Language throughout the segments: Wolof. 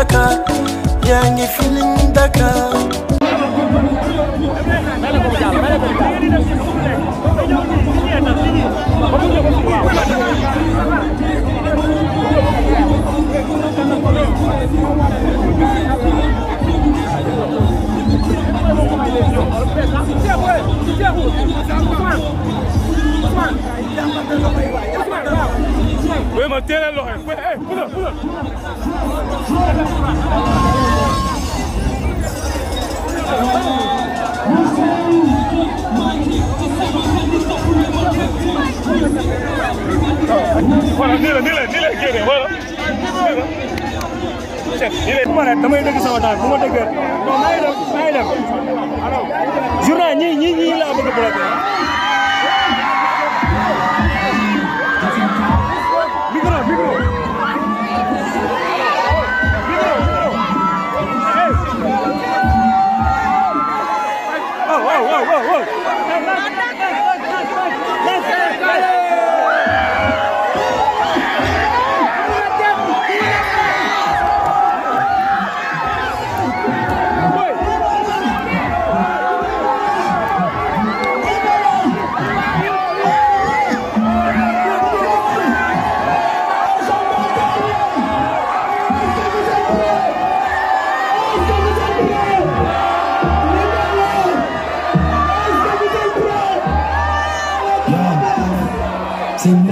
Dakar yaa ngi Feeling Dakar voilà nii la nii la nii lay génnee voilà. bu ma rek damay dégg sama taal bu ma déggee non maa ngi dem maa ngi dem journée ñii ñii ñii laa bëgg a bloqué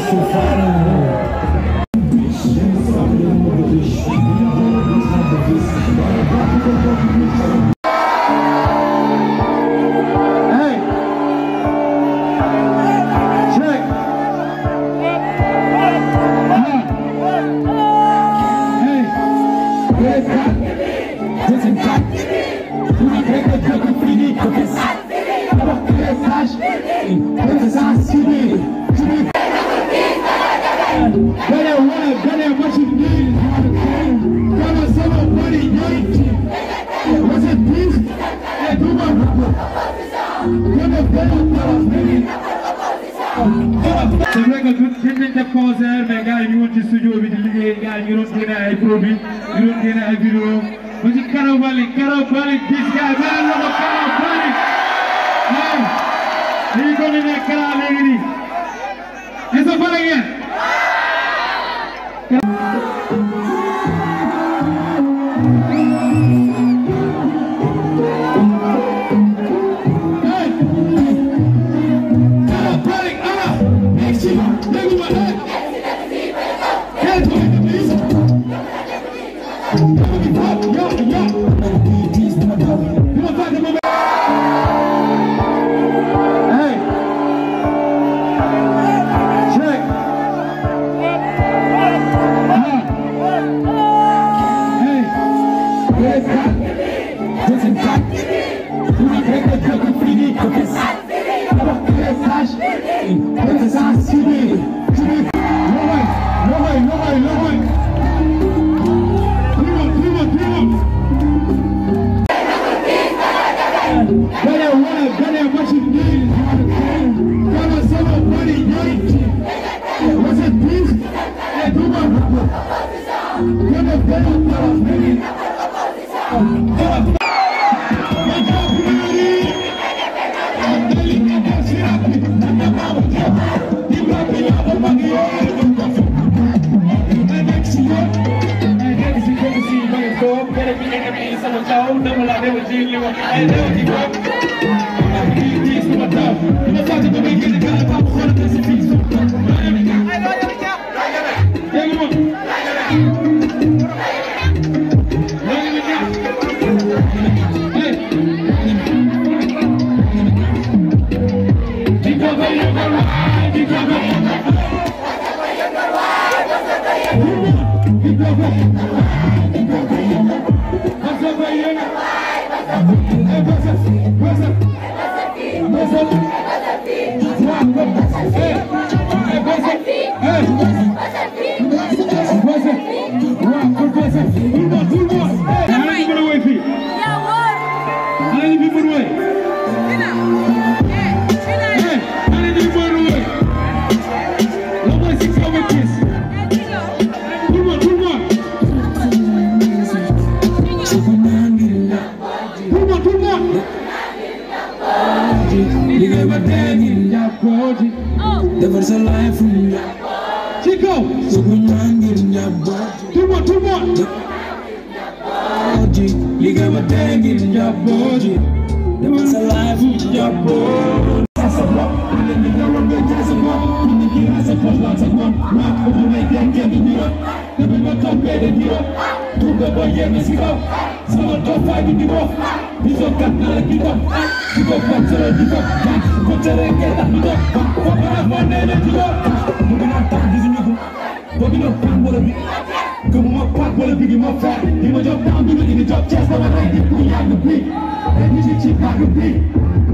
Mr. Final. bro. Where's the Caro Valley? Caro Valley, this guy, man, look at Caro Valley. Hey, here you go in that car, lady. It's a fun again. old number like they were Gene Lewis. I ain't never keep up. I'm being peace with my dove. You must talk to the weekend and got a pop on this piece. Thank you. they were hanging Nyaboji Never so life from mm, Nyaboji Chico So we hanging Nyaboji Two more, two more Nyaboji They were hanging Nyaboji Never so life from mm, Nyaboji Tuga boye mesiko, mm, sama tofa di di bo, bizo kat na di bo, di bo kat na di bo. tere ngeta tudo fofara fonene tudo mugina tak disini ko bogino pambola bi ko mo pak bola bi mo fa di mo job tam bi di job chest ma ray di ku yang bi e ni ci ci pak bi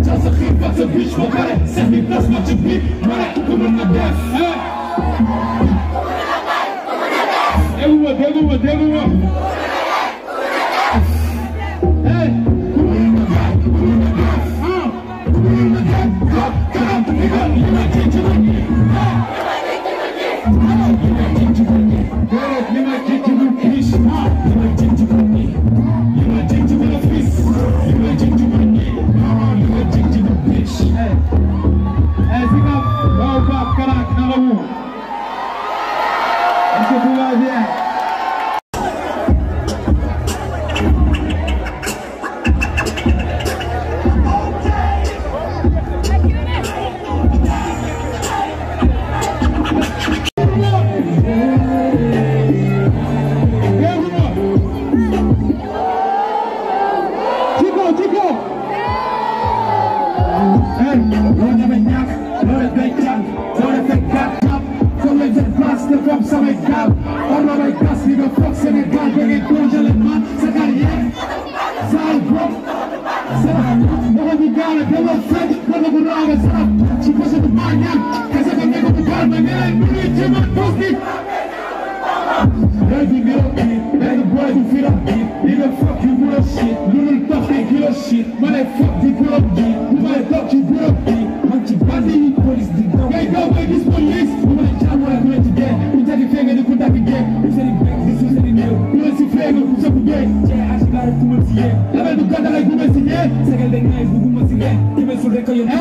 ta sa xit ka sa bitch mo kare se mi plus mo ci bi ma ray ko mo na def eh Déguma, déguma, déguma. Monsieur Boulanger. ngay congélement sa carrière sa bopp sa bopp bu gaal a demoo fekk wala bu raaw a saaf ci poche bu maa ñaan kese ko nekk bu gaal ma nee leen mënuñ ci ma toog bi. Baby girl beat, baby boy you feel a beat Nigga fuck you full of shit, little tough and kill of shit Man I fuck the full of beat, you might talk you full of beat Man ci bandi police di daw, ngay daw ngay gis police signé cee asibaare ku ma signé label bu gàdda lay ku ma signé segal de ngay bu ma signé ki ma sul rek ko yóbbu